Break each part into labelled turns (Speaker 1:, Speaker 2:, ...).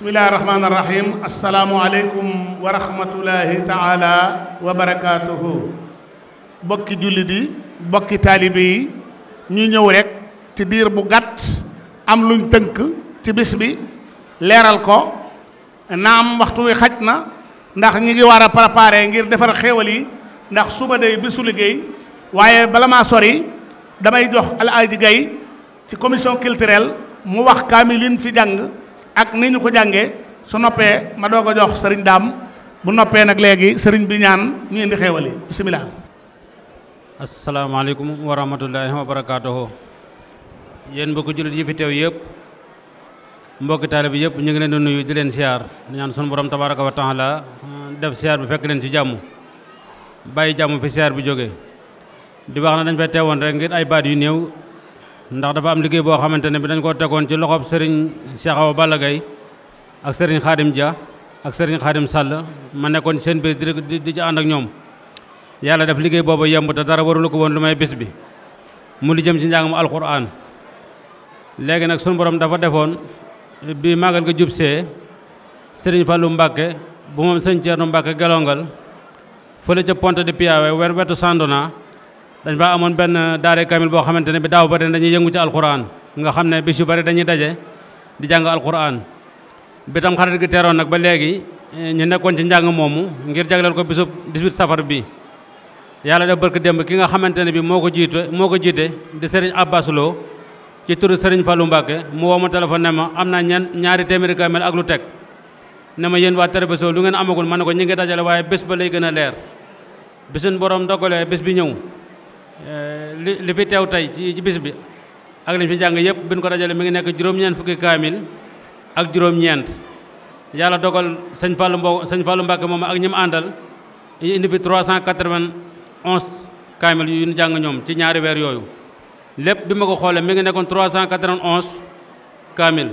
Speaker 1: bismillahi rahmaani rahim asalaamualeykum wa rahmatulahi taala bokki jullit yi bokki taalibe yi ñu ñëw rekk ci diir bu gàtt am luñ tënk ci bis bi leeral ko naam waxtu wi xaj na ndax ñi ngi war a préparer ngir defar xéewal yi ndax suba day bisu liggéey waaye bala maa sori damay jox alaaji gay ci commission culturelle mu wax kaamil yi fi jàng ak ni ñu ko jànge su noppee ma doog a jox sëriñ daam bu noppee nag léegi sëriñ bi ñaan ñu indi xéewal yi bisimilah.
Speaker 2: asalaamaaleykum wa rahmatullahi wa barakaatuhu. yéen mbokki jullit yi fi teew yëpp mbokki taalib yëpp ñu ngi leen di nuyu di leen siyaar di ñaan sunu borom tabaaraka wa taala hmm, def siyaar bi fekk leen ci jàmm bàyyi jàmm fi siyaar bi jóge di wax na dañ fay teewoon rek ngir ay baat yu néew ndax dafa am liggéey boo xamante ne bi dañ koo tegoon ci loxob sëriñ Cheikh Awa Balla Gaye ak sëriñ Xaadim Dia ak sëriñ Xaadim Sall ma nekkoon ci seen bés di di ci ànd ak ñoom yàlla def liggéey boobu yemb dara warulu ko woon lu may bis bi mu li jëm ci njàngam alxuraan léegi nag sunu borom dafa defoon bi màggal ga jub see sëriñ Fallou Mbacke bu moom sëñ Thierno Mbacke gelongal fële ca Ponte di Piave wer wetu Sandona dañ fa amoon benn daare kamil boo xamante ne bi daaw ba ren dañuy yëngu ci alquran nga xam ne bis yu bari dañuy daje di jàng alquran bi tam xarit gi teeroon nag ba léegi eh, ñu nekkoon ci njàng moomu ngir jagleel ko bisub 18 safar bi yàlla def barke démb ki nga xamante ne bi moo ko jiite moo ko jiite di Serigne Abbas Lo ci sëriñ Serigne Fallou Mbacke mu woo ma ne ma am naa ñen ñaari téeméeri kamil ak lu teg ne ma yéen waa télévision lu ngeen amagul ma ne ko ñi ngi dajale waaye bés ba lay gën a leer bisun borom dogalee bés bi ñëw Euh, li li fi teew tey ci bis bi ak li fi jàng yëpp bi ko dajale mi ngi nekk juróom-ñeent fukki kaamil ak juróom-ñeent yàlla dogal sëñ Fallou Mbow sëñ Fallou Mbacke moom ak ñi àndal àndal indi fi 391 kaamil yu nu jàng ñoom ci ñaari weer yooyu lépp bi ma ko xoolee mi ngi nekkoon 391 kaamil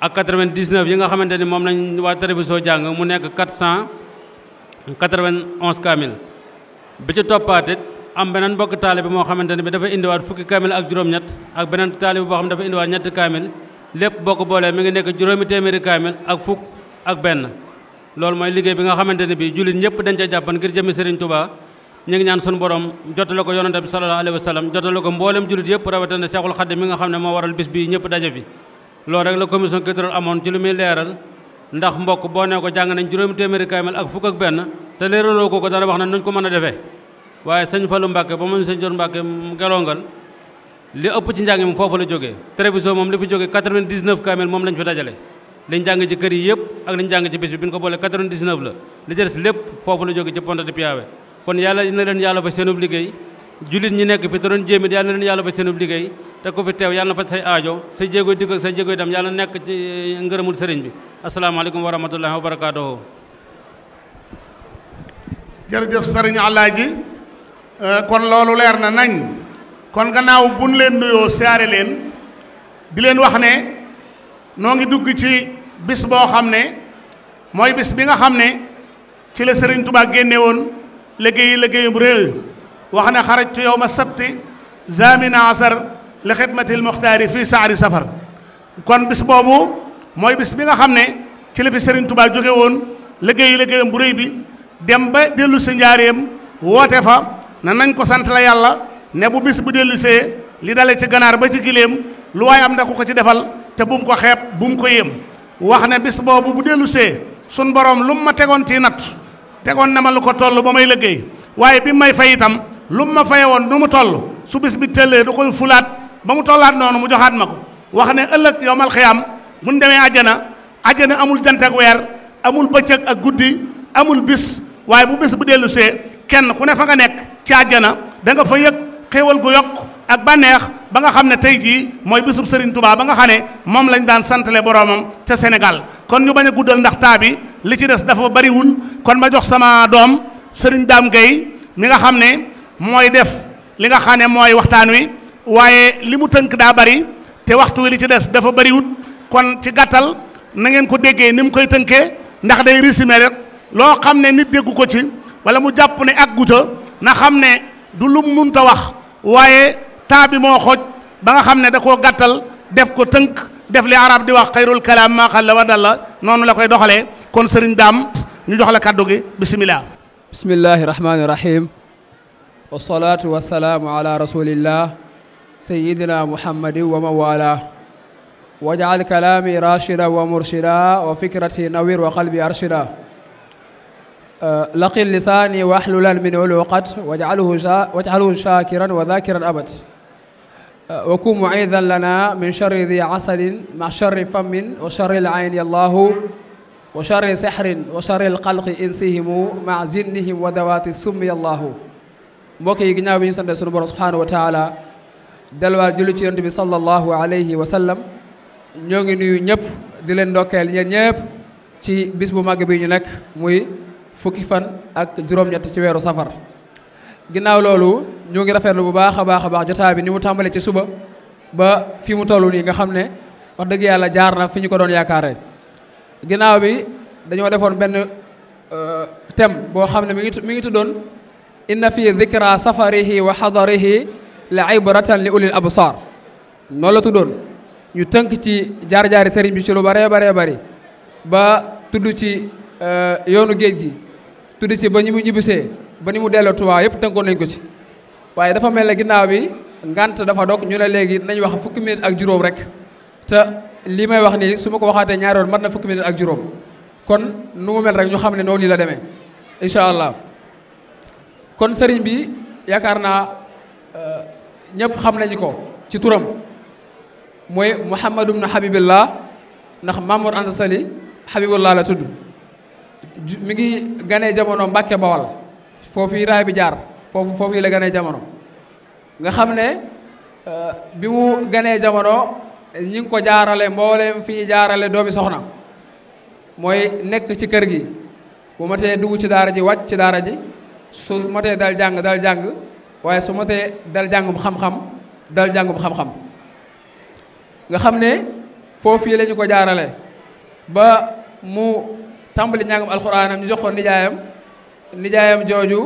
Speaker 2: ak 99 yi nga xamante ni moom lañ waa télévision jàng mu nekk 491 kaamil bi ci toppaatit am beneen mbokk taalibe moo xamante ne bi dafa indiwaat fukki kaamil ak juróom-ñett ak beneen taalibe boo xam dafa indiwaat ñetti kaamil lépp boo ko boolee mi ngi nekk juróomi téeméeri kaamil ak fukk ak benn loolu mooy liggéey bi nga xamante ne bi jullit ñëpp dañ ca jàppan ngir jëmi Serigne Touba ñu ngi ñaan sunu borom jotale ko yonante bi sallallahu alayhi wa sallam jotale ko mboolem jullit yëpp rawatina Cheikhul Khadim mi nga xam ne moo waral bis ndax mbokk boo ne ko jàng nañ juróomi téeméeri kaamil ak fukk ak benn te leeraloo ko ko dana wax na nuñ ko mën a defee waaye sëñ Fallou Mbacke ba mu sëñ Dior Mbacke gerongal li ëpp ci njàng mi foofu la jógee télévision moom li fi jógee 99 kaamel moom lañ fi dajale liñ jàng ci kër yi yëpp ak liñ jàng ci bis bi bi ñu ko boolee 99 la li jël si lépp foofu la jógee ci Ponte de Piave kon yàlla na leen yàlla fa seenub liggéey jullit ñi nekk fi te doon jéemit yàlla na leen yàlla fa seenub liggéey te ku fi teew yàlla na fa say aajo say jéego dikk ak say jéego eh, wa rahmatullahi wa barakaatuhu
Speaker 1: jërëjëf sëriñ Euh, kon loolu leer na nañ kon gannaaw buñ leen nuyoo saare leen di leen wax ne noo ngi dugg ci bis boo xam ne mooy bis bi nga xam ne ci la Sëriñ Tuubaa génne woon liggéeyi liggéeyum réew wax ne xarajtu yow ma sabti zamina asar li xidmatil muxtaari fii saari safar kon bis boobu mooy bis bi nga xam ne ci la fi Sëriñ jóge woon liggéeyi bu réy bi dem ba dellu si njaareem woote fa na nañ ko sant la yàlla ne bu bis bu dellusee li dale ci ganaar ba ci giléem lu waaye am na ku ko ci defal te bu mu ko xeeb bu mu ko yéem wax ne bis boobu bu dellusee sun borom lu mu ma tegoon ci natt tegoon na ma lu ko toll ba may liggéey waaye bi may fay itam lu mu ma woon nu mu toll su bis bi tëllee du ko fulaat ba mu tollaat noonu mu joxaat ma ko wax ne ëllëg yowmal xiyaam mun demee àjjana àjjana amul jant ak weer amul bëccëg ak guddi amul bis waaye bu bis bu dellusee kenn ku ne fa nga nekk ci àjjana da nga fa yëg xéewal gu yokk ak bànneex ba nga xam ne tey jii mooy bisub Serigne Touba ba nga xam ne moom lañ daan santale boroomam ca Sénégal kon ñu bañ a guddal ndax taa bi li ci des dafa bariwul kon ma jox sama doom Serigne Dame Gueye mi nga xam ne mooy def li nga xam ne mooy waxtaan wi waaye li mu tënk daa bari te waxtu wi li ci des dafa bariwul kon ci gàttal na ngeen ko déggee ni mu koy tënkee ndax day risime rek loo xam ne nit déggu ko ci. wala mu jàpp ne ak guta na xam ne du lum munta wax waaye taa bi moo xoj ba nga xam ne da koo gàttal def ko tënk def li arab di wax xayrul kalaam maa wa dalla noonu la koy doxale kon sëriñ daam ñu jox la kàddu gi bisimilah bismillahi rahmaani rahim wasalaatu
Speaker 3: wasalaamu ala rasulillah wajaal kalaami rachida wa murshida wa fikrati nawir wa qalbi arshida laqi lisaani waxlulan min uluqat wajcalhu shakiran wa dhakiran abad wa kun muidan lana min sharri di asalin ma sharri famin wa sharri lcayni allahu wa sharri sixrin wa sharri lxalqi insihimu ma zinnihim wa dawaati summi allahu mbokk yi ginnaaw bi ñu sante sunu borom subhanahu wa taala delluwaat julli ci yonent bi sallallahu alayhi wa sallam ñoo ngi nuyu ñëpp di leen ndokkeel ñeen ñëpp ci bis bu màgg bi ñu nekk muy fukki fan ak juróom-ñett ci weeru safar ginnaaw loolu ñu ngi rafetlu bu baax a baax a baax jotaay bi ni mu tàmbalee ci suba ba fi mu toll nii nga xam ne wax dëgg yàlla jaar na fi ñu ko doon yaakaaree ginnaaw bi dañoo defoon benn euh, tem boo xam ne mu ngi mi ngi tuddoon inna fi dikra safarihi wa xadarihi la ibratan li ulil absar noonu la tuddoon ñu tënk ci jaar-jaari sëriñ bi ci lu bare baree bari ba tudd ci euh, yoonu géej gi tuddi ci ba ñu mu ñibbisee ba ni mu delloo Tuubaa yëpp tënkoon nañ ko ci waaye dafa mel ne ginnaaw bi ngànt dafa dog ñu ne léegi nañ wax fukki minute ak juróom rek te lii may wax nii su ma ko waxaatee ñaari yoon mat na fukki minute ak juróom kon nu mu mel rek ñu xam ne noonu la deme incha allah kon sëriñ bi yaakaar naa euh, ñépp xam nañu ko ci turam mooy Muhammadu bnu Habibillah ndax Mamour Anta Sali Habibullah la tudd mi ngi ganee jamono Mbàkke Bawal foofu raay bi jaar foofu foofu la ganee jamono nga xam ne euh, bi mu ganee jamono ñi ngi ko jaarale mbooleem fi ñu jaarale doomi soxna mooy nekk ci kër gi bu motee dugg ci daara ji wàcc ci daara ji su matee dal jàng dal jàng waaye su matee dal jàngum xam-xam dal jàngum xam-xam nga xam ne foofu yi ko jaarale ba mu tàmbali ñàngum alxuraanam ñu jox nijaayam nijaayam jooju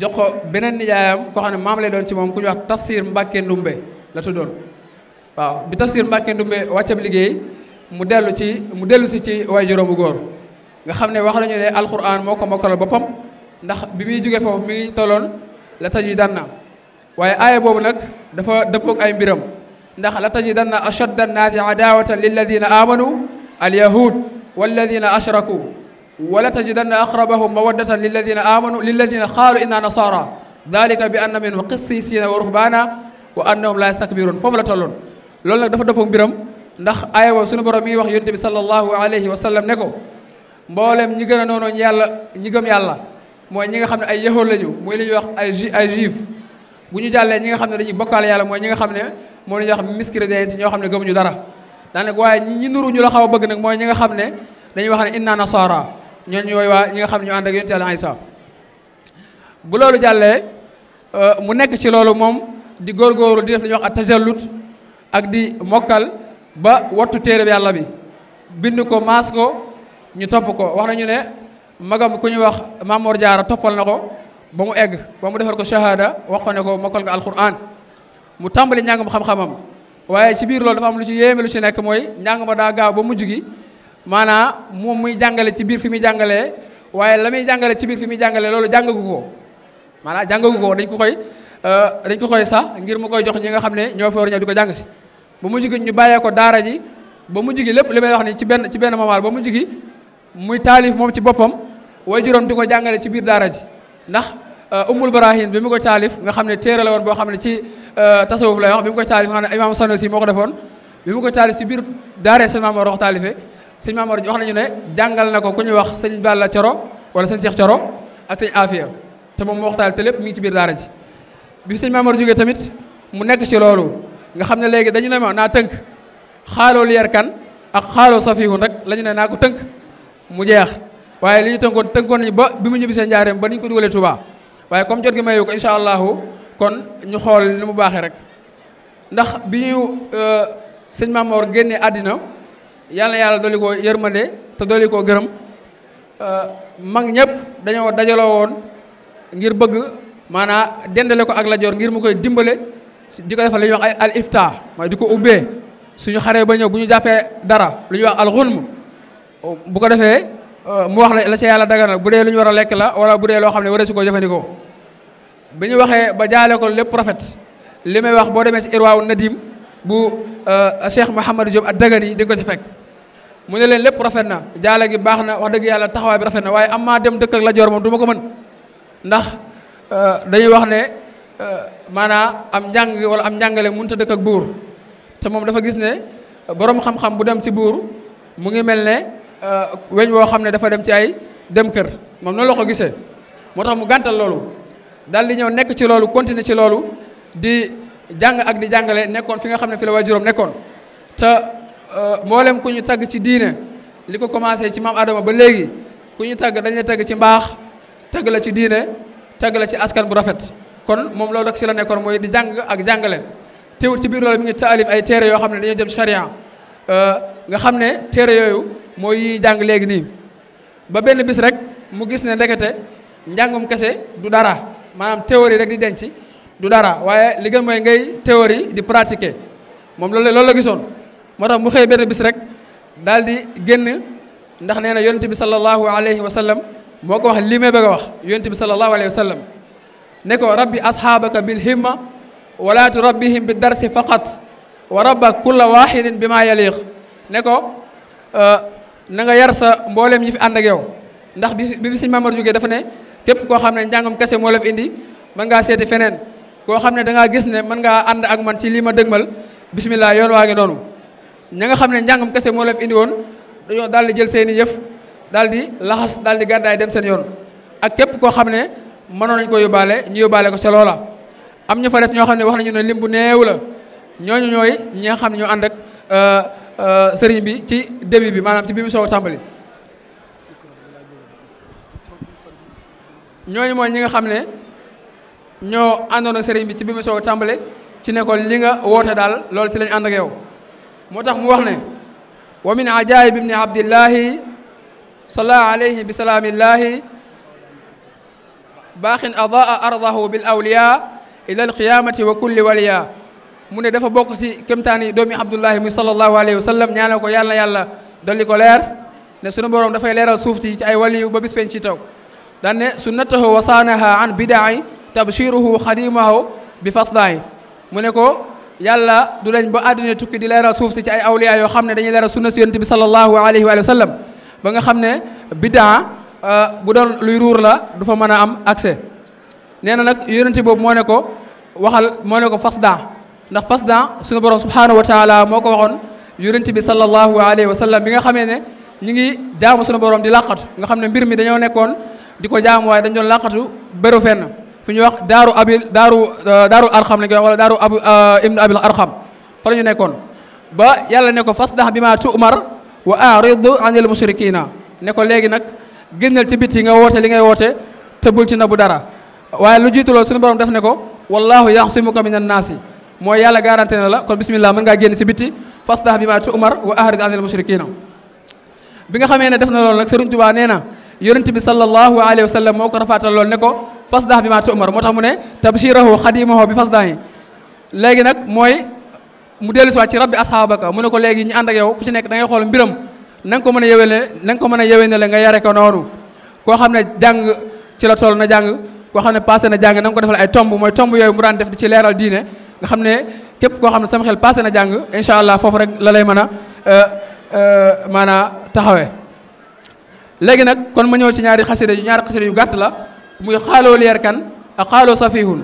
Speaker 3: jox ko beneen nijaayam koo xam ne maam lay doon ci moom ku ñu wax tafsir Mbàkke Ndumbe la tuddoon waaw bi tafsir Mbàkke Ndumbe wàccab liggéey mu dellu ci mu dellu si ci waajuram bu góor nga xam ne wax nañu ne alxuraan moo ko mokkalal boppam ndax bi muy jógee foofu mi ngi tolloon la taj tajidanna waaye aaya boobu nag dafa dëppoog ay mbiram ndax la tajidanna ashadda nnaasi adaawatan lilladina amanu al yahud walladina ashraku wala tajidanna aqrabahum mawaddatan lilladina amanu lilladina qaalu inna nasara dalika bi anna minhum qissisina wa ruhbana wa annahum la yastakbiruun foofu la tolloon lool nag dafa dëppoo mbiram ndax aaya woowu suñu borom mi ngi wax yonent bi sallallahu alayhi wa sallam ne ko mboolem ñi gën a noonooñ yàlla ñi gëm yàlla mooy ñi nga xam ne ay yahood lañu muy li ñuy wax ay ju ay juif bu ñu jàllee ñi nga xam ne dañuy bokkaale yàlla mooy ñi nga xam ne moo la ñuy wax miscréants ñoo xam ne gëmuñu dara daanaka waaye ñi ñi nuru ñu la xaw a bëgg nag mooy ñi nga xam ne dañuy wax ne inna nasara ñooñu ñooy waa nga xam ne ñu ànd ak yonent Yàlla Isa bu loolu jàllee euh, mu nekk ci loolu moom di góorgóorlu di def dañuy wax ak tajallut ak di mokkal ba wattu téere bi yàlla bi bind ko maas ko ñu topp ko wax nañu ne magam ku ñu wax Mamor Jaara toppal na ko ba mu egg ba mu defar ko shahada wax ko ne ko mokkal nga alquran mu tàmbali njàngum xam-xamam waaye ci biir loolu dafa am lu ci yéeme lu ci nekk mooy njàng ma daa gaaw ba mujj gi maanaam moom muy jàngale ci biir fi muy jàngalee waaye la muy jàngale ci biir fi muy jàngalee loolu jàngagu ko maanaam jàngagu ko dañ ko koy euh, dañ ko koy sax ngir mu koy jox ñi nga xam ne ñoo fa war ñëw di ko jàng si ba mujj gi ñu bàyyee ko daara ji ba mujj gi lépp li may wax ni ci benn ci benn moment ba mu gi muy taalif moom ci boppam way juróom di ko jàngale ci biir daara ji ndax umul euh, barahin bi mu ko taalif nga xam ne téere la woon boo xam ne ci euh, tasawuf lay wax bi mu ko taalif nga xam ne imaam Sanusi moo ko defoon bi mu ko taalif si biir daaree sëñ Maamoor wax taalife sëñ Maamoor wax nañu ne jàngal na ko ku ñuy wax sëñ Balla Coro wala sëñ Cheikh Coro ak sëñ Afia te moom moo wax lépp mi ngi ci biir daara ji bi sëñ Maamoor jógee tamit mu nekk ci loolu nga xam ne léegi dañu ne ma naa tënk xaaloo lier kan ak xaaloo safihun rek la ñu ne naa ko tënk mu jeex waaye li ñu tënkoon tënkoon nañu ba bi mu ñibbisee njaareem ba ni ñu ko dugalee Touba waaye comme jot gi mayu ko incha allahu kon ñu xool li mu baaxee rek ndax bi ñu euh, sëñ Mamor génne àddina yàlla yàlla dolli ko yërmande te dolli koo gërëm euh, mag ñëpp dañoo dajaloo woon ngir bëgg maanaa dendale ko ak lajoor ngir mu koy dimbale di ko defal li ñuy wax ay al ifta mooy di ko ubbee suñu xaree ba ñëw bu ñu jàppee dara lu ñuy wax al xulm bu ko defee Euh, mu wax la la ca yàlla daganal bu dee lu ñu war a lekk la wala bu dee loo xam ne waree su ko jëfandikoo bi ñu waxee ba jaale ko lépp rafet li may wax boo demee ci irwaaw nadim bu euh, Cheikh Mouhamadou Diop ak dagan yi di nga ko ci fekk mu ne leen lépp rafet na jaale gi baax na wax dëgg yàlla taxawaay bi rafet na waaye am maa dem dëkk ak la joor moom du ko mën ndax euh, dañuy wax ne maanaa am njàng wala am njàngale mënut a dëkk ak buur te moom dafa gis ne borom bu dem ci buur mel ne Euh, weñ woo xam ne dafa dem ci ay dem kër moom noonu la ko gisee moo tax mu gàntal loolu dal di ñëw nekk ci loolu continuer ci loolu di jàng ak di jàngale nekkoon fi nga xam ne fi la waajuram nekkoon te euh, mboolem ku ñu tagg ci diine li ko commencé ci maam Adama ba léegi ku ñu tàgg dañuy tagg ci mbaax tagg la ci diine tagg la ci askan bu rafet kon moom loolu rek ci la nekkoon mooy di jàng ak jàngale teewul ci biir loolu mi ngi taalif ay téere yoo xam ne dañoo jëm charia euh, nga xam ne téere mooy yi jàng léegi nii ba benn bis rek mu gis ne ndekete njàngum kese du dara maanaam théorie rek di denc du dara waaye li gën mooy ngay théorie di pratiquer moom loolu loolu la gisoon moo tax mu xëy benn bis rek daal di génn ndax nee na yonent bi sallallahu alayhi wa sallam moo ko wax lii may bëgg a wax yont bi sallallahu alayhi wa sallam ne ko rabbi asxaabaka bil himma wala turabbihim bi darsi faqat wa rabba kulla waxidin bi maa yaliq ne ko euh, na nga yar sa mbooleem ñi fi ànd ak yow ndax bi bi si Mamar jógee dafa ne képp koo xam ne njàngum kese moo la indi mën ngaa seeti feneen koo xam ne dangaa gis ne mën ngaa ànd ak man ci lii ma dëgmal bisimilah yoon waa ngi noonu ña nga xam ne njàngum kese moo indi woon dañoo daal di jël seen i yëf daal di laxas daal di gàddaay dem seen yoon ak képp koo xam ne mënoon nañu ko yóbbaale ñu yóbbaale ko seloo loola am ñu fa des ñoo xam ne wax nañu ne lim bu néew la ñooñu ñooy ñi xam ne ñoo ànd euh, Euh, sëriñ bi ci début bi maanaam ci bi mu soog tàmbali ñooñu mooy ñi nga xam ne ñoo àndoon ak sëriñ bi ci bi mu tàmbali ci nekkoon li nga woote daal loolu ci lañ ànd ak yow moo tax mu wax ne wa min ajaayib ibni abdillahi sala alayhi bi baaxin adaa ardahu bil awliya ila alqiyamati wa kulli waliya mu ne dafa bokk ci kémtaani doomi abdullahi mi sallallahu alayhi wa sallam ñaanal ko yàlla yàlla dolli ko leer ne sunu boroom dafay leeral suuf si ci ay waliyu ba bis pen ci taw daan ne sunnatahu wa saanaha an bidaai tabshiruhu xadimahu bi fasdaay mu ne ko yàlla du dañ ba àddina tukki di leeral suuf si ci ay awliya yoo xam ne dañuy leeral sunna si yonent bi sallallahu alayhi wa sallam ba nga xam ne bidaa euh, bu doon luy ruur la du fa mën a am accès nee na nag yonent boobu moo ne ko waxal moo ne ko fasdaa ndax fas daa suñu borom subhaanahu wa taala moo ko waxoon yonent bi sallallahu alayhi wa sallam bi nga xamee ne ñi ngi jaamu suñu borom di làqatu nga xam ne mbir mi dañoo nekkoon di ko jaamu dañ doon làqatu bëru fenn fu ñuy wax daaru abil daaru euh, daaru arxam lañ wala daaru abu euh, ibnu abil la ñu nekkoon ba yàlla ne ko fasdah bi ma wa arid anil mushrikina ne léegi nag génnal ci biti nga woote li ngay woote tëbul ci na bu dara waaye lu jiitu loolu suñu borom def ne ko wallahu yaxsimuka min annaasi mooy yàlla garanti na la kon bismillah mën ngaa génn ci bitti fasdah bi ma tu'mar wa ahrid anil mushrikina bi nga xamee ne def na loolu nag Serigne Touba nee na yonent bi sallallahu alayhi wa sallam moo ko rafaatal loolu ne ko fasdah bi ma tu'mar moo tax mu ne tabshirahu xadimahu bi fasdahi léegi nag mooy mu dellu si ci rab rabbi asxaabaka mu ne ko léegi ñu ànd ak yow ku ci nekk da ngay xool mbiram na nga ko mën a yewee ko mën a yewee ne la nga yare ko xam ne jàng ci la toll na jàng koo xam ne passé na jàng na ko defal ay tomb mooy tomb yooyu daan def di ci leeral diine nga xam ne képp koo xam ne sama xel passé na jàng incha allah foofu rek la lay mën a euh, euh, maanaa taxawee. léegi nag kon ma ñëw ci ñaari xasida yu ñaari xasida yu gàtt la muy xaaloo leer kan ak xaaloo safihun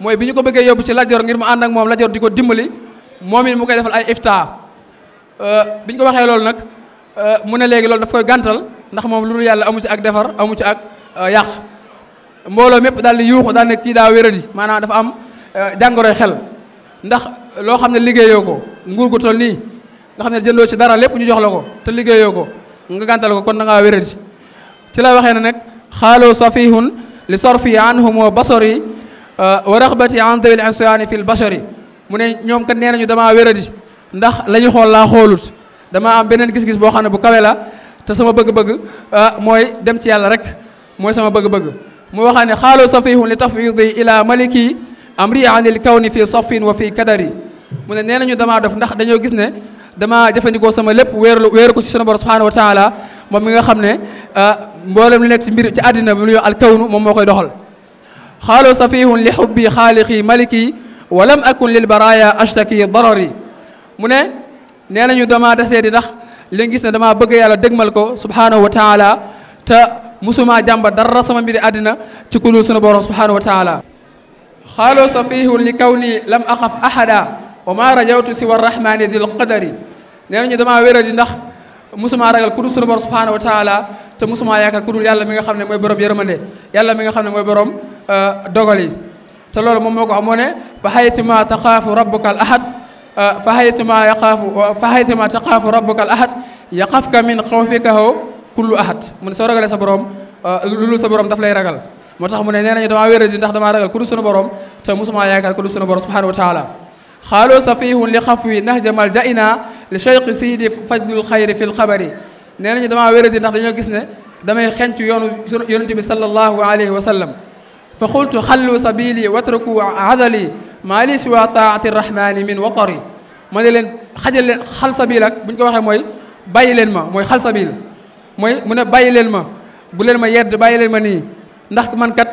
Speaker 3: mooy bi ñu ko bëggee yóbbu ci Lat-Joor ngir mu ànd ak moom Lat-Joor di ko dimbali moom it mu koy defal ay ifta euh, bi ñu ko waxee loolu nag mu ne léegi loolu daf koy gàntal ndax moom lu dul yàlla amu ci ak defar amu ci ak yàq mbooloo mépp daal di yuuxu daal ne kii daa wéradi maanaam dafa am jàngoroy xel ndax loo xam ne liggéeyoo ko nguur gu toll nii nga xam ne jëndoo ci dara lépp ñu jox la ko te liggéeyoo ko nga gàntal ko kon da ngaa wéral ci ci la waxee ne nag xaaloo safihun li sorfi anhumoo basori uh, wa raxbati an dawil insuyaani fil basari mu ne ñoom kat nee nañu damaa wéradi ndax la ñu xool laa xoolut damaa am beneen gis-gis boo xam ne bu kawe la te sama bëgg-bëgg uh, mooy dem ci yàlla rek mooy sama bëgg-bëgg mu waxaa ne xaaloo safihun li amri anil kawni fii safin wa fii kadari mu ne nee nañu damaa dof ndax dañoo gis ne damaa jëfandikoo sama lépp wéeru wéeru ko ci sunu borom subhanahu wa taala moom mi nga xam ne ah, mboolem lu nekk ci mbir ci àddina bi lu ñu moom moo koy doxal xaaloo safihun li xubbi xaaliqi maliki wa lam akun lil baraya ashtaki mu ne nee nañu damaa desee di ndax li nga damaa bëgg yàlla dëgmal ko subhanahu wa taala te musuma jàmba dara sama mbiri àddina ci kulul sunu borom subhanahu wa taala xaalo safiihu li kawni lam axaf ahada wa ma si siwa rahmani dil qadari nee nañu damaa wéra di ndax musumaa ragal ku dul sunu borom te musumaa yaakaar ku yàlla mi nga xam ne mooy borom yërmande yàlla mi nga xam ne mooy borom euh, dogal te loolu moom moo ko amoo ne fa haytuma taxaafu rabbuka al ahad euh, fa haytuma yaqaafu fa haytuma taxaafu rabbuka al ahad yaqafka min xawfika kullu ahad mu ne soo ragalee sa borom euh, lu sa borom daf lay ragal moo tax mu ne nee nañu damaa wéra di ndax damaa ragal ku du sunu borom te mosuma yaakaar ku du sunu borom subhanahu wa taala xaaloo safihun li xaf wi nax jamal ja ina li cheikh sidi fajlul xayri fi lxabari nee nañu damaa wéra di ndax dañoo gis ne damay xenc yoonu yonente bi sallallahu alayhi wa sallam fa xultu xallu sabili watraku adali maa li siwa taati rahmani min watari ma ne leen xajal leen xal sabil ak bu ñu ko waxee mooy bàyyi leen ma mooy xal sabil mooy mu ne bàyyi leen ma bu leen ma yedd bàyyi leen ma nii ndax man kat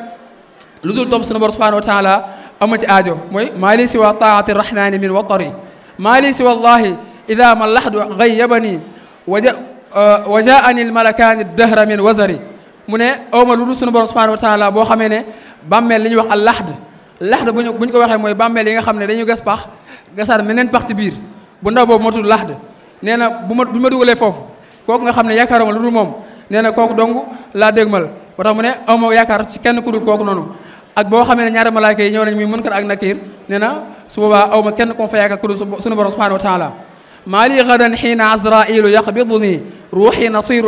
Speaker 3: lu dul topp sunu borom subhanahu wa taala ama ci aajo mooy maa li siwa taati rahmani min watari maa li siwa allahi ida ma laxdu gayyabani waja uh, wa jaani almalakaani dahra min wazari mu ne awma lu dul sunu borom subhanahu wa taala boo xamee ne bàmmeel li ñuy wax al laxd laxd buñu bu ñu ko waxee mooy bàmmeel yi nga xam ne dañu gas pax gasaat meneen pax ci biir bu ndaw boobu moo tudd laxd nee na bu ma bu ma dugalee foofu kooku nga xam ne yaakaaruma lu dul moom nee na kooku dong laa dégmal ba tax mu ne awma yaakaar ci kenn ku dul kooku noonu ak boo xamee ne ñaari malaaka yi ñëw nañ muy munkar ak nakiir nee na awma kenn ko fa yaakaar ku dul suñu borom subhanahu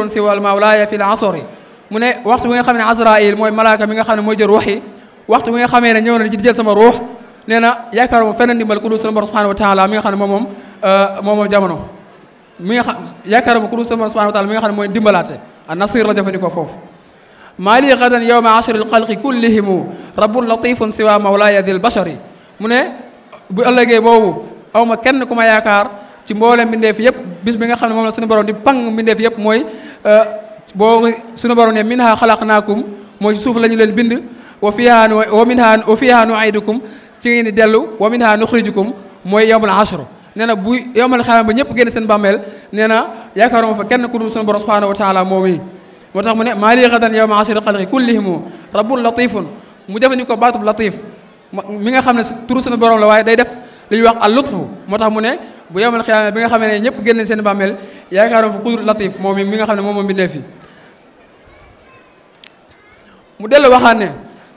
Speaker 3: si wal l asori mu ne waxtu nga xam ne azrail mooy malaaka mi nga xam ne mooy jël ruux yi waxtu bi nga xamee sama ruux nee na yaakaaruma feneen ndimbal ku dul xam ne moom moom euh, moom moom jamono mi nga xam yaakaaruma ku dul nga xam ne mooy ndimbalaate a nasir la jëfandikoo foofu maa lii gadan yowma ashri alxalqi kullihimu rabbun latifun siwa mawlaaya dil bashari mu ne bu ëllëgee boobu aw ma kenn ku ma yaakaar ci mboolem mbindeef yëpp bis bi nga xam ne moom la suñu borom di pang mbindeef yëpp mooy euh, boo suñu borom ne minha xalaqnaakum mooy suuf la ñu leen bind wa fiha wa minha wa fiha nuidukum ci ngeen di dellu wa minha nuxrijukum mooy yowmal ashru nee na bu yowmal xayaam ba ñëpp génn seen bàmmeel nee na yaakaaruma fa ku dul suñu moo tax mu ne maa lii a yow ma asir xalqi kullihimu rabbun latifun mu jëfandikoo baatub latif nga xam ne turu sunu borom la waaye day def li wax al lutfu moo tax mu ne bu yowmal xiyaama bi nga xam ne ñëpp génn seen bàmmeel yaakaaroon fu kudul latif moom mi nga xam ne moom moom bindee fi mu dellu waxaan ne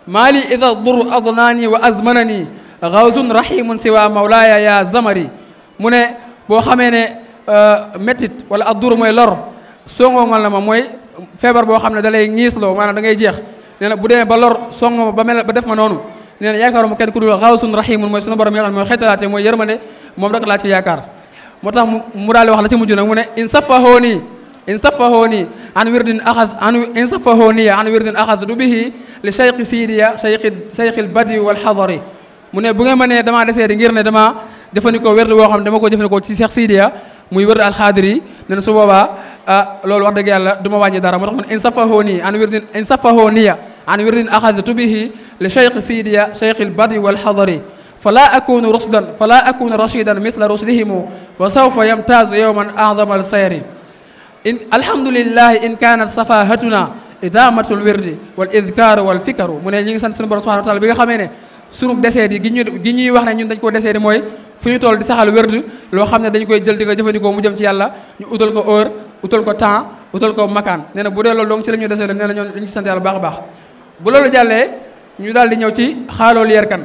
Speaker 3: maa li ida dur adnaani wa azmanani gawsun rahimun siwa mawlaaya ya zamari mu ne boo xamee ne euh, méttit wala addur mooy lor songoongal na ma mooy feebar boo xam ne da lay ñiisloo maanaam da ngay jeex nee na bu demee ba lor song ma ba mel ba def ma noonu nee na yaakaaruma kenn ku dul xawsun sunu borom mooy xeetalaate mooy yërmande moom rek moo tax mu daal wax la ci mujj nag mu ne in safahoo nii in safahoo nii an wirdin axad du bihi li cheikh siidiya cheikh cheikhil badi wal xadari mu ne bu ngeen ma nee damaa desee di ngir ne damaa jëfandikoo wérdu woo xam ne dama ko jëfandikoo ci cheikh siidiya muy wérdu Ah, loolu wax dëgg yàlla du ma wàññi dara moo tax mu ne in safahoo nii an wirdin in safahoo niya an wirdin axadtu bihi li cheikh siidiya cheikh al badi wal xadari fala akunu rusdan fala akunu rashidan misla rusdihimu wa sawfa yamtaazu yowman adama al sayri in alhamdulilahi in kaanat safahatuna idamatul wirdi wal idkaaru wal fikaru mu ne ñi ngi sant sunu borom subhanahu wa taala bi nga xamee ne sunu deseet yi gi ñuy gi ñuy wax ne ñun dañ koo deseet yi mooy fu ñu toll di saxal wérdu loo xam ne dañu koy jël di ko jëfandikoo mu jëm ci yàlla ñu utal ko heure utal ko temps utal ko makaan nee na bu dee loolu donc ci la ñu desee nee na ñoom dañu ci sant yàlla baax a baax bu loolu jàllee ñu daal di ñëw ci xaaloolu yerkan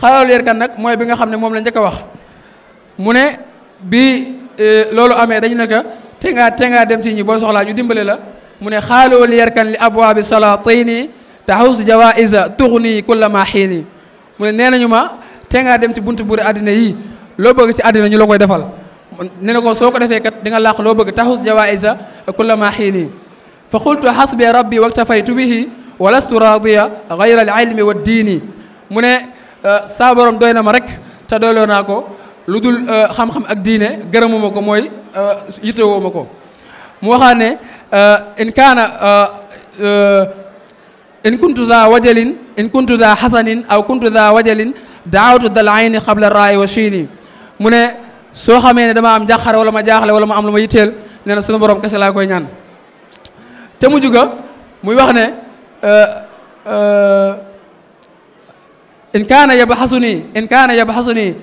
Speaker 3: xaaloolu yerkan nag mooy bi nga xam ne moom la njëkk a wax mu ne bi e, loolu amee dañu ne ko te ngaa te ngaa dem ci ñi boo soxlaa ñu dimbale la mu ne xaaloolu yerkan li abwaabi salaatini taxawus jawaisa tuxni kulla ma xiini mu ne nee nañu ma te ngaa dem ci buntu buuri àddina yi loo bëgg ci àddina ñu la koy defal ne ko soo ko defee kat di nga làq loo bëgg taxus jawaïsa kullama xiini fa qultu xasbi rabbi waktafaytu bihi wa lastu raadiya gayra al ilmi wa diini mu ne euh, saa borom doy na ma rek te doyloo naa ko lu dul euh, xam-xam ak diine gërëmuma ko mooy euh, yitewoo ko mu waxaa ne in kaana in kuntu za wajalin in kuntu za hasanin aw kuntu za wajalin daawatu dal ayni xabla raay wa chiini mu ne soo xamee ne dama am njàqare wala ma jaaxle wala ma am lu ma yitteel nee su sunu borom kese laa koy ñaan te mu juga muy wax ne euh, euh, in kaana yabxasu nii in kaana yabxasu nii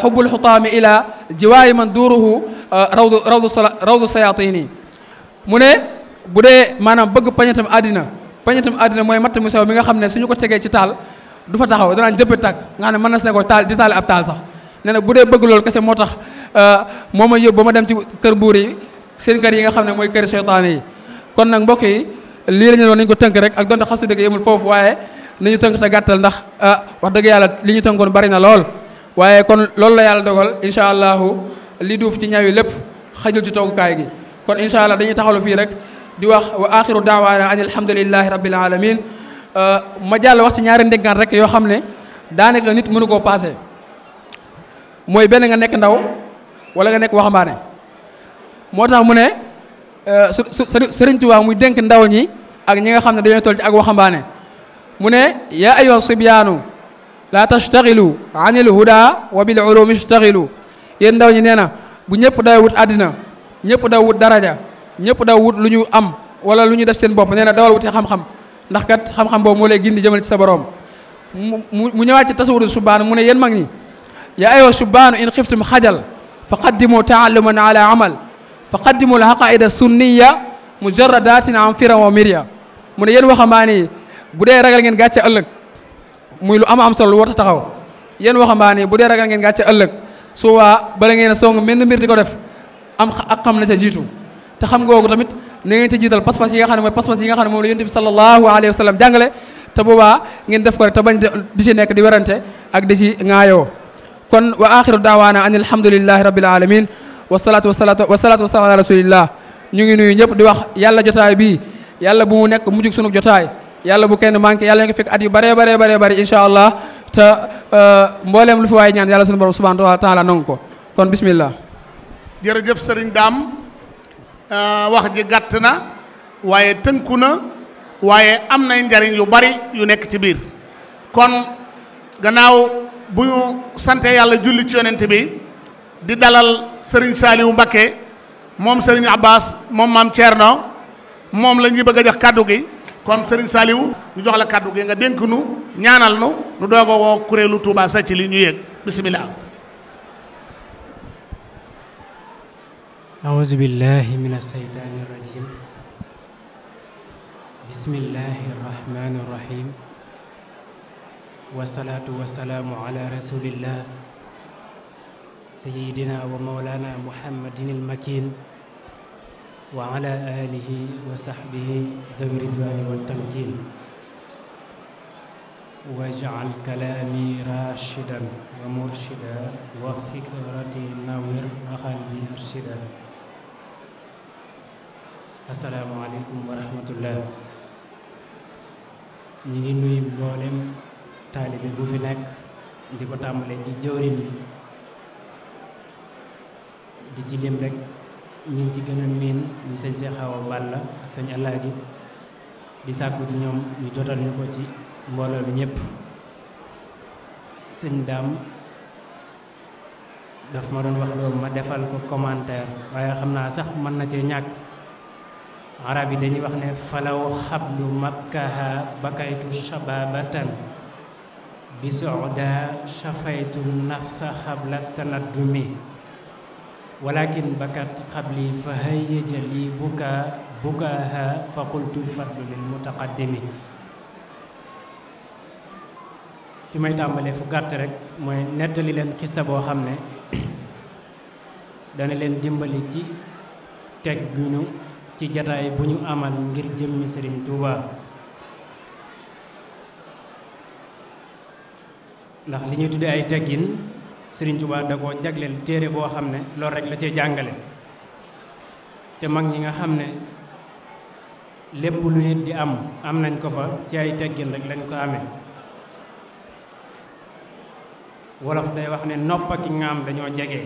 Speaker 3: xubbul euh, xutaami ila jiwaayi man duuruhu rawdu rawdu rawdu sayatini mu ne bu dee maanaam bëgg pañetam addina pañetam àddina mooy matt mu sew mi nga xam ne suñu ko tegee ci taal du fa taxaw danaan jëppe tàkk nga xam ne mën na see ko taal di taal ab taal sax nee na bu dee bëgg loolu kese moo tax euh, moo ma yóbbu ba ma dem ci kër buur yi seen kër yi nga xam ne mooy kër seytaane yi kon nag mbokk yi lii la doon nañ ko tënk rek ak donte xasu dëgg yemul foofu waaye nañu tënk sa gàttal ndax euh, wax dëgg yàlla li ñu tënkoon bari na lool waaye kon loolu la yàlla dogal incha allahu li duuf ci ñawi lépp xajul ci toogukaay gi kon incha allah dañuy taxalu fii rek di wax wa axiru daawaana an alhamdulilahi rabbil alamin Euh, ma jàll wax ci ñaari ndénkaan rek yoo xam ne daanaka nit mënu koo paase mooy benn nga nekk ndaw wala nga nekk waxambaane moo tax mu ne euh, su su Sëriñ Tuubaa muy dénk ndaw ñi ak ñi nga xam ne dañoo toll ci ak waxambaane mu ne yaa ayyuha sibyaanu laa tashtaxilu anil huda wa bil ulumi ishtaxilu yéen ndaw ñi nee na bu ñëpp daw wut àddina ñëpp daw wut daraja ñëpp daw wut lu ñu am wala lu ñu def seen bopp nee na dawal wuti xam-xam ndax kat xam-xam boobu moo lay gindi jëmale ci sa borom mu mu ñëwaat ci tasawuru subaan mu ne yéen mag ñi yaa aywa subaanu in xiftum xajal fa qaddimu taalluman ala amal fa qaddimu alxaqaida sunniya mujaradatin an firan wa mirya mu ne yéen waxambaane bu dee ragal ngeen gàcce ëllëg muy lu am am solo lu taxaw yéen waxambaane bu dee ragal ngeen gàcce ëllëg su waa bala ngeen a song menn mbir di ko def am ak na sa jiitu te xam googu tamit na ngeen ci jiital pas-pas yi nga xam ne mooy pas-pas xam ne moom la yonent bi sallallahu alayhi wa sallam jàngale te boobaa ngeen def ko rek te bañ di ci ngi nuyu ñëpp di wax yàlla jotaay bii yàlla bu mu nekk mujjug sunu jotaay yàlla bu kenn manqué yàlla nga fekk at yu baree baree baree bëri incha allah te euh, mbooleem lu fi waay ñaan yàlla sunu borom subhanahu wa taala nangu ko kon bismillah
Speaker 1: jërëjëf sëriñ daam Euh, wax ji gàtt na waaye tënku na waaye am nay njariñ yu bari yu nekk ci biir kon gannaaw bu ñu sante yàlla julli ci yonent bi di dalal sëriñ Saliou Mbacké moom sëriñ Abbas moom maam Thierno moom lañuy bëgg a jox kàddu gi kon sëriñ Saliou ñu jox la kàddu gi nga dénk nu ñaanal nu nu doog a woo kuréelu Touba Sathily ñu yéeg bisimilah.
Speaker 4: أعوذ بالله من الشيطان الرجيم بسم الله الرحمن الرحيم والصلاة والسلام على رسول الله سيدنا ومولانا محمد المكين وعلى آله وصحبه ذوي الرضوان والتمكين واجعل كلامي راشدا ومرشدا وفكرتي نور وقلبي أرشدا asalaamaaleykum wa rahmatullah ñi ngi nuyu mboolem taalibe bu fi nekk di ko tàmbale ci jëwriñ bi di ci lim rek ñi ci gën a miin ñu sëñ Seex Awa Balla ak sëñ Alaaji di sàkku ci ñoom ñu jotal ñu ko ci mbooloo bi ñëpp sëñ daam daf ma doon wax ma defal ko komanteer waaye xam naa sax mën na cee ñàkk arab yi dañuy wax ne falaw xablu mabkaha bakaytu shababatan bi socda shafaytu nafsa xabla tanaddumi walakin bakat xabli fa hayyaja li buka bukaha fa qultu lfadlu lil mutaqaddimi fi may tàmbalee fu gàtt rek mooy nettali leen xista boo xam ne dana leen dimbali ci teg gu ñu ci jataay bu ñu amal ngir jëmmi Serigne Touba ndax li ñuy tudde ay teggin Serigne Touba da koo jagleel téere boo xam ne loolu rek la cee jàngale te mag ñi nga xam ne lépp lu nit di am am nañ ko fa ci ay teggin rek lañ ko amee wolof day wax ne nopp ak am dañoo jege.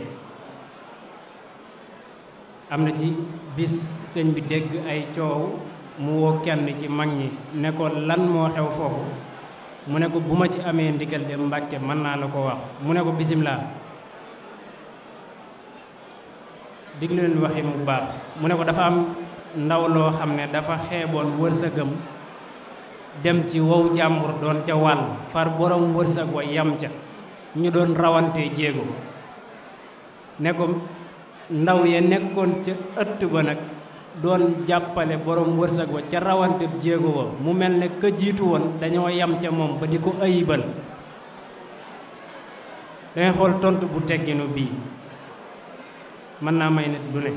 Speaker 4: am na ci bis sëñ bi dégg ay coow mu woo kenn ci mag ñi ne ko lan moo xew foofu mu ne ko bu ma ci amee ndigal de Mbàkke mën naa la ko wax mu ne ko bisimilah diglu leen waxi mu baax mu ne ko dafa am ndaw loo xam ne dafa xeeboon wërsëgam dem ci wow jàmbur doon ca wàll far borom wërsëg wa yam ca ñu doon rawante jéego ne ko ndaw ya nekkoon ca ëtt ba nag doon jàppale borom wërsëg wa ca rawante jéego ba mu mel ne ka jiitu woon dañoo yam ca moom ba di ko ayibal dangay xool tontu bu tegginu bii mën naa may nit du ne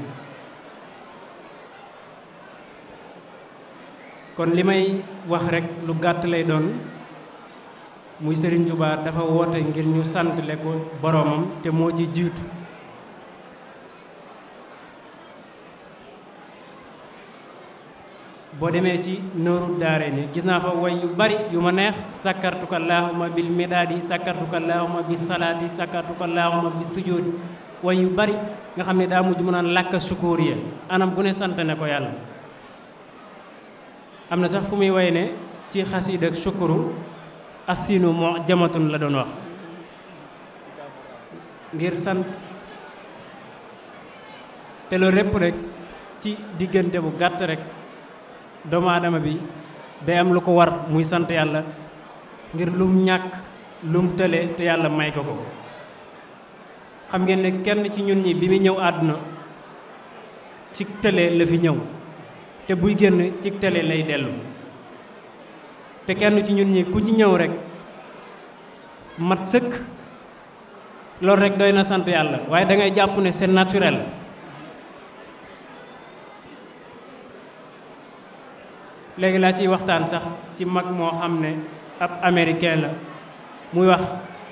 Speaker 4: kon li may wax rekk lu gàtt lay doon muy Sëriñ Tuubaa dafa woote ngir ñu santale ko boromam te moo ci jiitu boo demee ci nooru daare ni gis naa fa way yu bari yu ma neex sakkartuka allahuma bil midaadi sakkartuka allahuma bi salaati sakkartuka allahuma bi sujoodi way yu bari nga xam ni daa mujj mu naan làkka sukóor ya anam bu ne sant ne ko yàlla am na sax fu muy woy ne ci xasiid ak sukuru assinu moo jamatun la doon wax ngir sant te loolu répp rek ci diggante bu gàtt rek doomu bi day am lu ko war muy sant yàlla ngir lum ñàkk lum tële te yàlla may ko ko xam ngeen ne kenn ci ñun ñi bi muy ñëw àdduna ci tële la fi ñëw te buy génn ci tële lay dellu te kenn ci ñun ñi ku ci ñëw rek mat sëkk loolu rek doy na sant yàlla waaye dangay jàppu ne seen naturel léegi laa ciy waxtaan sax ci mag moo xam ne ab américain la muy wax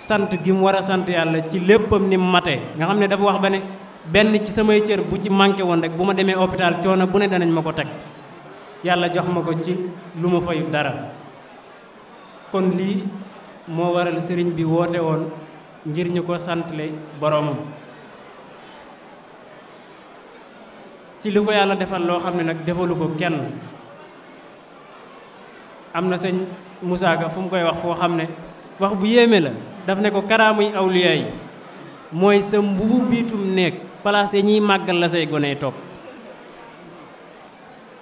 Speaker 4: sant gi mu war a sant yàlla ci léppam ni mate nga xam ne dafa wax ba ne benn ci samay cër bu ci manqué woon rek bu ma demee hôpital coono bu ne danañ ma ko teg yàlla jox ma ko ci lu ma fayu dara kon lii moo waral sëriñ bi woote woon ngir ñu ko santle boroomam ci li ko yàlla defal loo xam ne nag defalu ko kenn am na sëñ Moussa Ka fu mu koy wax foo xam ne wax bu yéeme la daf ne ko karaamuy awliya yi mooy sa mbubu biitum néeg place yi ñuy màggal la say gone toog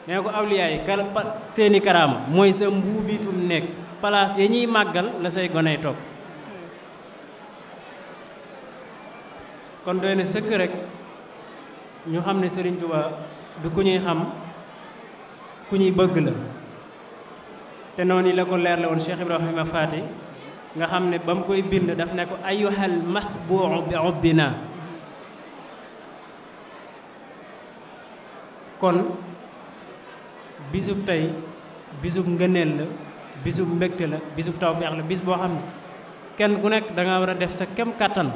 Speaker 4: nee ko awliya yi kala seeni karaama mooy sa mbubu biitum néeg place yi ñuy màggal la say gone toog kon doy na sëkk rek ñu xam ne Serigne Touba du ku ñuy xam ku ñuy bëgg la te noonu la ko leer la woon Cheikh Ibrahima Faati nga xam ne ba mu koy bind daf ne ko xel max ayyuhal maxbuucu bi naa kon bisub tey bisub ngëneel la bisub mbégte la bisub tawfeex la bis boo xam ne kenn ku nekk danga war a def sa kem kàttan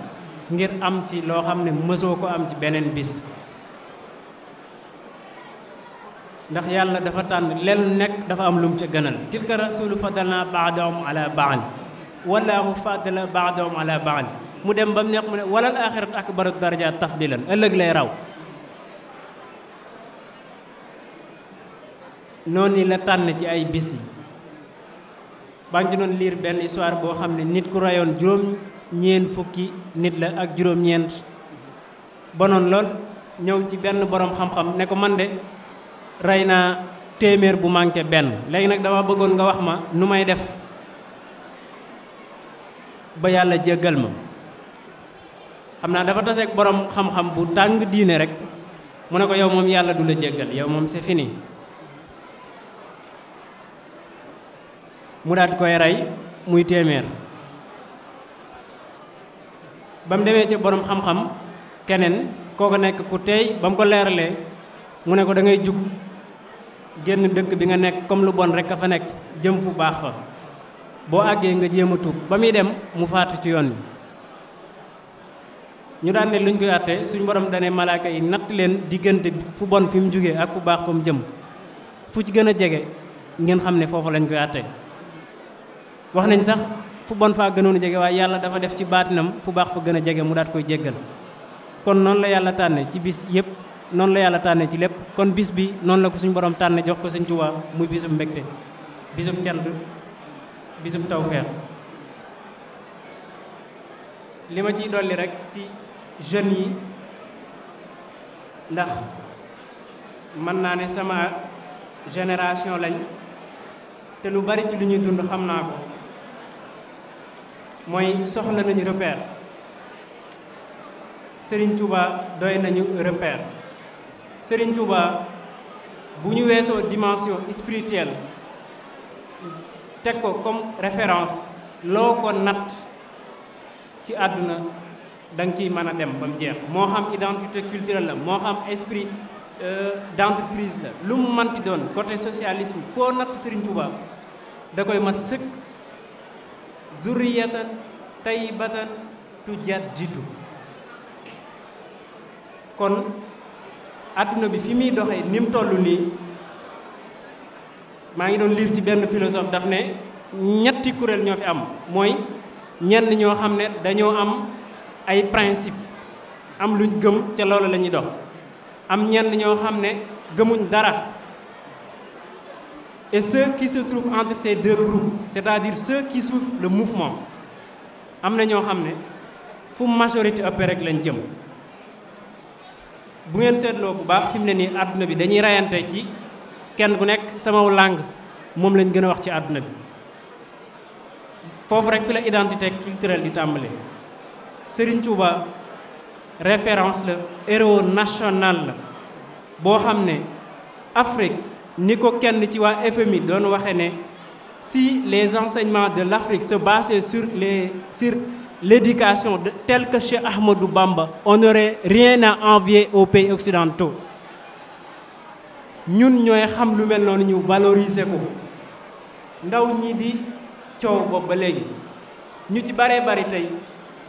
Speaker 4: ngir am ci loo xam ne mësoo ko am ci beneen bis ndax yàlla dafa tànn lenn nekk dafa am lum ca gënal tilka rasulu fadalna baadahum ala baal wallahu fadala baadahum ala baal mu dem ba mu neex mu ne walal axirat akbaru darajaat tafdilan ëllëg lay raw noon noonu la tànn ci ay bis yi baa ngi liir benn histoire boo xam ne nit ku rayoon juróom ñeen fukki nit la ak juróom-ñeent bonoon lool ñëw ci benn boroom xam-xam ne ko man de rey naa téeméer bu manqué benn léegi nag dama bëggoon nga wax ma nu may def ba yàlla jéggal ma xam naa dafa taseeg borom xam-xam bu tàng diine rek mu ne ko yow moom yàlla du la jéggal yow moom c'est fini mu daat koy rey muy téeméer ba mu demee ci borom xam-xam keneen koo ko nekk ku tey ba mu ko leeralee mu ne ko dangay jug génn dëkk bi nga nekk comme lu bon rek a fa nekk jëm fu baax fa boo àggee nga jéem tuub ba muy dem mu faatu ci yoon wi ñu daan ne luñ koy àtte suñu borom dane malaaka natt leen diggante fu bon fi mu jugee ak fu baax fa jëm fu ci gën a jege ngeen xam ne foofu lañ koy àtte wax nañ sax fu bon faa gënoon jege waaye yàlla dafa def ci baatinam fu baax fa gën a jege mu daat koy jéggal kon noonu la yàlla tànne ci bis yépp noonu la yàlla tànne ci lépp kon bis bi noonu la ko suñu borom tànne jox ko sëñ Tuubaa muy bisum mbégte bisum cant bisum tawfeex li ma ciy dolli rek ci jeunes yi ndax mën naa ne sama génération lañ te lu bari ci lu ñuy dund xam naa ko mooy soxla nañu repère Serigne Touba doy nañu repère Serigne Touba bu ñu weesoo dimension spirituelle teg ko comme référence loo ko nat ci àdduna danga nga ciy mën a dem ba mu jeex moo xam identité culturelle la moo xam esprit euh, d'entreprise la lu mu manti doon côté socialisme foo natt Serigne Touba da koy mat sëkk zurriyatan tayyibatan tujaddidu kon àdduna bi fi muy doxee ni mu toll nii maa ngi doon liir ci benn philosophe daf ne ñetti kuréel ñoo fi am mooy ñenn ñoo xam ne dañoo am ay principe am luñ gëm ca loolu lañuy dox am ñenn ñoo xam ne gëmuñ dara e ceux qui se trouvent entre ces deux groupes c'est-à-dire ceux qui suivent le mouvement am na ñoo xam ne fu majorité ëpp rek lañ jëm bu ngeen seetloo bu baax fi mu ne nii àdduna bi dañuy rayante ci kenn ku nekk samaw langue moom lañ gën a wax ci àdduna bi foofu rek fi la identité culturelle di tàmbale Serigne Touba référence la héros national la boo xam ne Afrique ni ko kenn ci waa FMI doon waxe ne si les enseignements de l'Afrique se basaient sur les sur l'éducation telle que chez Ahmadou Bamba, on n'aurait rien à envier aux pays occidentaux. ñun ñooy xam lu mel noonu ñu valoriser ko ndaw ñi di coow boobu ba léegi ñu ci baree bari tey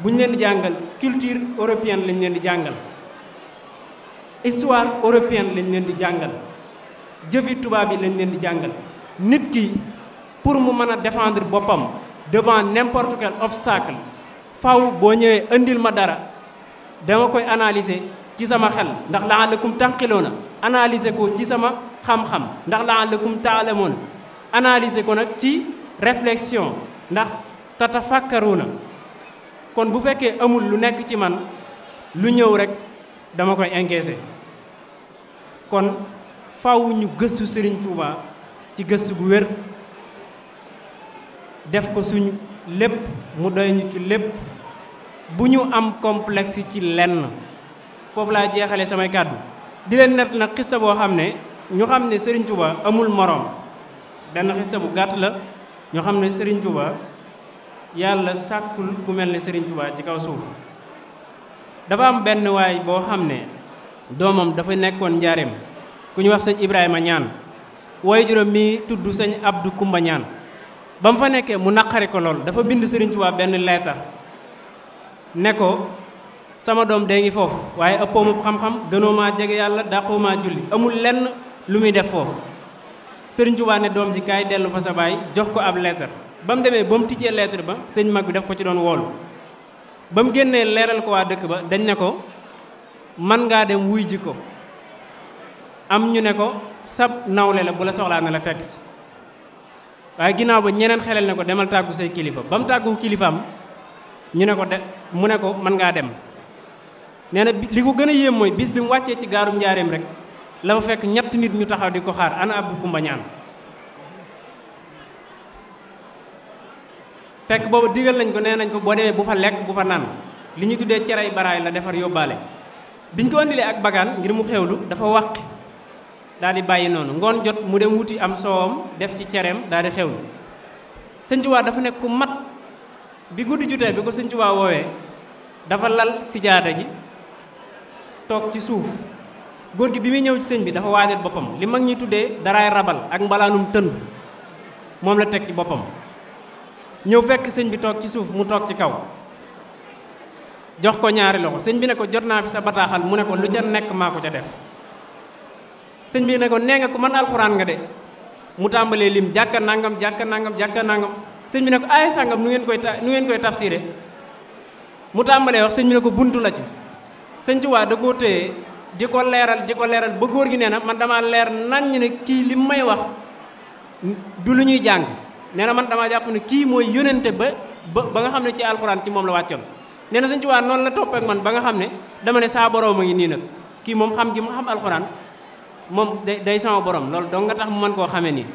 Speaker 4: bu ñu leen di jàngal culture européenne lañ leen di jàngal histoire européenne lañ leen di jàngal jëfi tubaab yi lañ leen di jàngal nit ki pour mu mën a defendre boppam devant n'importe quel obstacle faw boo ñëwee indil ma dara dama koy analyser ci sama xel ndax laalakum na analyser ko ci sama xam-xam ndax laalakum taalamoona analyser ko nag ci réflexion ndax na kon bu fekkee amul lu nekk ci man lu ñëw rek dama koy encaisser kon faw ñu gëstu Serigne Touba ci gëstu bu wér def ko suñu lépp mu doy ñu lépp bu ñu am complexe ci lenn foofu laa jeexale samay kàddu di leen net nag xista boo xam ne ñu xam ne Serigne Touba amul moroom benn xista bu gàtt la ñu xam ne Serigne Touba yàlla sàkkul ku mel ne Serigne Touba ci kaw suuf dafa am benn waay boo xam ne doomam dafa nekkoon njaareem ku ñu wax sëñ Ibrahima ñaan waaye juróom mi tudd sëñ Abdou Kumba ñaan ba mu fa nekkee mu naqari ko lool dafa bind sëriñ Touba benn leetar ne ko sama doom dee ngi foofu waaye ëppoo ma xam-xam gënoo maa jege yàlla dàqoo maa julli amul lenn lu muy def foofu Serigne Touba ne doom ji kaay dellu fa sa baay jox ko ab leetar ba mu demee ba mu tijjee leetar ba sëñ mag bi daf ko ci doon woolu ba mu génnee leeral ko waa dëkk ba dañ ne ko man ngaa dem wuy ji ko am ñu ne ko sab nawle la bu la soxlaa ne la fekk si waaye ginnaaw ba ñeneen xelal ne ko demal tàggu say kilifa ba mu tàggu kilifaam ñu ne ko de mu ne ko mën ngaa dem nee na li ko gën a yéem mooy bis bi mu wàccee ci gaarum njaareem rek la fa fekk ñett nit ñu taxaw di ko xaar ana Abdou kumba ñaan fekk boobu digal nañ ko nee nañ ko boo demee bu fa lekk bu fa naan li ñuy tuddee cerey baraay la defar yóbbaale biñ ko andilee ak bagaan ngir mu xewlu dafa wàq daal di bàyyi noonu ngoon jot mu dem wuti am soowam def ci cereem daal di xewlu sëñ dafa nekk ku mat bi guddi jutee bi ko sëñ Tuubaa woowee dafa lal sijaada gi toog ci suuf góor gi bi muy ñëw ci sëñ bi dafa waajal boppam li mag ñi tuddee daray rabal ak mbalaanum tënd moom la teg ci boppam ñëw fekk sëñ bi toog ci suuf mu toog ci kaw jox ko ñaari loxo sëñ bi ne ko jot naa fi sa bataaxal mu ne ko lu ca nekk maa ko ca def sëñ bi ne ko nee nga ko man alxuraan nga de mu tàmbalee lim jàkka nangam jàkka nangam jàkka nangam sëñ bi ne ko aaya sàngam nu ngeen koy ta nu ngeen koy tafsiré mu tàmbalee wax sëñ bi ne ko buntu la ci sëñ Tuubaa da koo téye di ko leeral di ko leeral ba góor gi nee na man damaa leer naññ ne kii li may wax du lu ñuy jàng nee na man damaa jàpp ne kii mooy yónente ba ba ba nga xam ne ci alxuraan ci moom la wàccoon nee na sëñ Tuubaa noonu la topp man ba nga xam ne dama ne saa nii nag kii moom xam gi mu xam alxuraan moom day day sama borom lool dong nga tax mu man koo xamee nii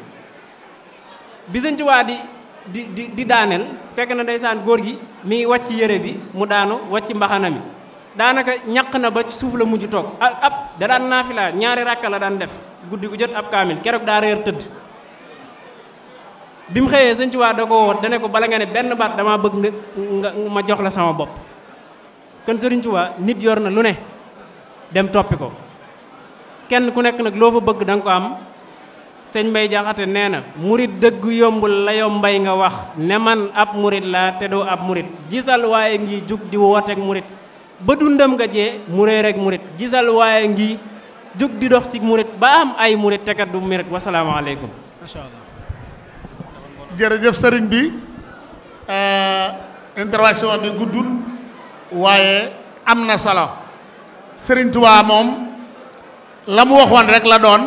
Speaker 4: bi sëñ di di di daaneel fekk na saan góor gi mi ngi wàcc yére bi mu daanu wàcc mbaxana mi daanaka ñaq na ba suuf la mujj toog ab ab da daan naafila ñaari rakka la daan def guddi gu jot ab kaamil keroog daa réer tëdd bi mu xëyee sëñ Tuubaa da ko woo da ne ko bala nga ne benn baat damaa bëgg nga nga ma jox la sama bopp kon sëriñ Tuubaa nit yor na lu ne dem toppi ko kenn ku nekk nag loo fa bëgg danga nga ko am sëñ Mbay Jaxate nee na murit dëgg yombul la mbay nga wax ne man ab murit la te doo ab murit gisal waaye ngi jug di wooteek murit ba dundam nga jee mu rek murit gisal waaye ngi jug di dox ci murit ba am ay murit te kat du murit wasalaamaaleykum. macha allah.
Speaker 1: jërëjëf sëriñ bi euh, intervention bi guddul waaye am na solo sëriñ Tuubaa moom. la mu waxoon rek la doon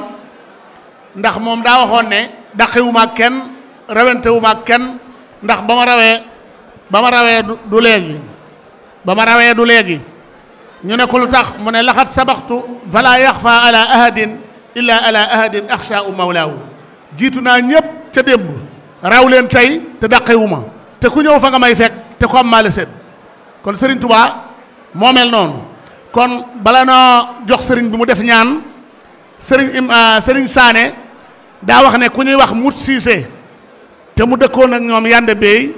Speaker 1: ndax moom daa waxoon ne daqewuma ak kenn rawentewuma ak kenn ndax ba ma rawee ba ma rawee du léegi ba ma rawee du léegi ñu ne ko lu tax mu ne laxat sabaxtu fala yaxfa ala ahadin illa ala ahadin axshaau mawlaahu jiitu naa ñépp ca démb raw leen tey te daqewuma te ku ñëw fa nga may fekk te ko am maale set kon Sëriñ Tuubaa moo noonu kon bala noo jox sëriñ bi mu def ñaan sëriñ im ah, sëriñ Saane daa wax ne ku ñuy wax mut siise te mu dëkkoon ak ñoom yande beey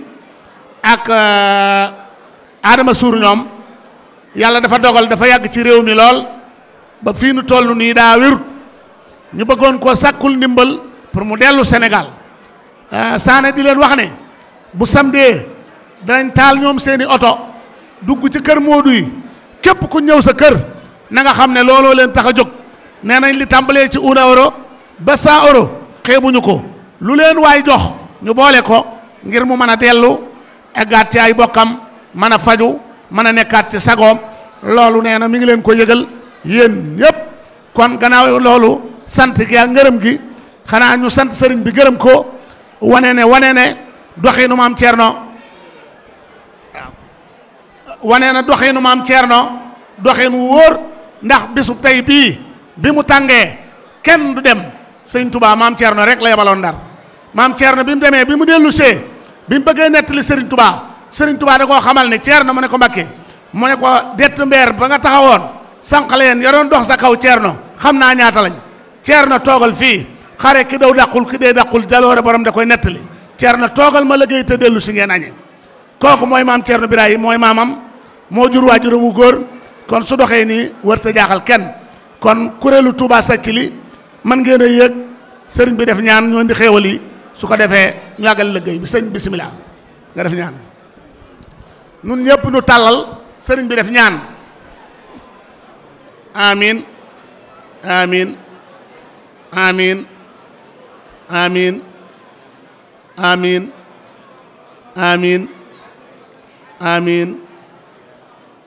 Speaker 1: ak ah, Adama Suur ñoom yàlla dafa dogal dafa yàgg ci réew mi lool ba fii nu toll nii daa wir ñu bëggoon koo sàkkul ndimbal pour mu dellu senegal ah, Saane di leen wax ne bu samdee danañ taal ñoom seeni oto dugg ci kër Moodu yi képp ku ñëw sa kër na nga xam ne looloo leen tax a jóg nee nañ li tàmbalee ci un euro ba saa euro xeebuñu ko lu leen waay jox ñu boole ko ngir mu mën a dellu eggaat ci ay bokkam mën a faju mën a nekkaat ci sagoom loolu nee na mu ngi leen ko yëgal yéen ñëpp kon gannaaw loolu sant gi ak ngërëm gi xanaa ñu sant sëriñ bi gërëm ko wane ne wane ne doxinu maam no wane na doxinu maam Thierno doxin wu wóor ndax bisu tey bii bi mu tàngee kenn du dem sëñ tubaa maam Thierno rek la yebaloon ndar maam Thierno bi mu demee bi mu dellu see bi mu bëggee nettali Serigne tubaa Serigne tubaa da koo xamal ne Thierno mu ne ko Mbakke mu ne ko dett mbeer ba nga taxawoon sànq leen ya dox sa kaw no xam naa ñaata lañ Thierno toogal fii xare ki daw dàqul ki dee dàqul jaloore borom da koy nettali Thierno toogal ma liggéey te dellu si ngeen añe kooku mooy maam Thierno Birahim mooy maamam. moo jur waajur wu góor kon su doxee nii warta jaaxal kenn kon kuréelu Touba Sathily mën ngeen a yëg sëriñ bi def ñaan ñoo indi xéewal yi su ko defee ñu àggal liggéey bi sëriñ bisimilah nga def ñaan nun ñëpp nu tàllal sëriñ bi def ñaan amin amin amin amin amin amin amin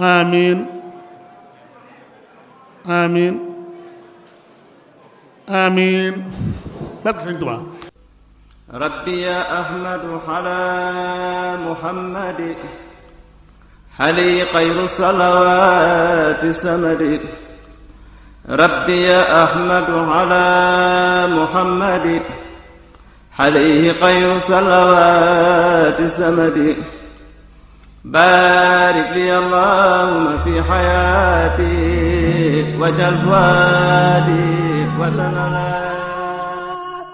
Speaker 1: آمين آمين آمين barke Sëñ Tuubaa
Speaker 5: ربي يا أحمد على محمد علي خير صلوات سمد ربي يا أحمد على محمد عليه خير صلوات سمد baarik li allahumma fi xayaati wajal waadi wa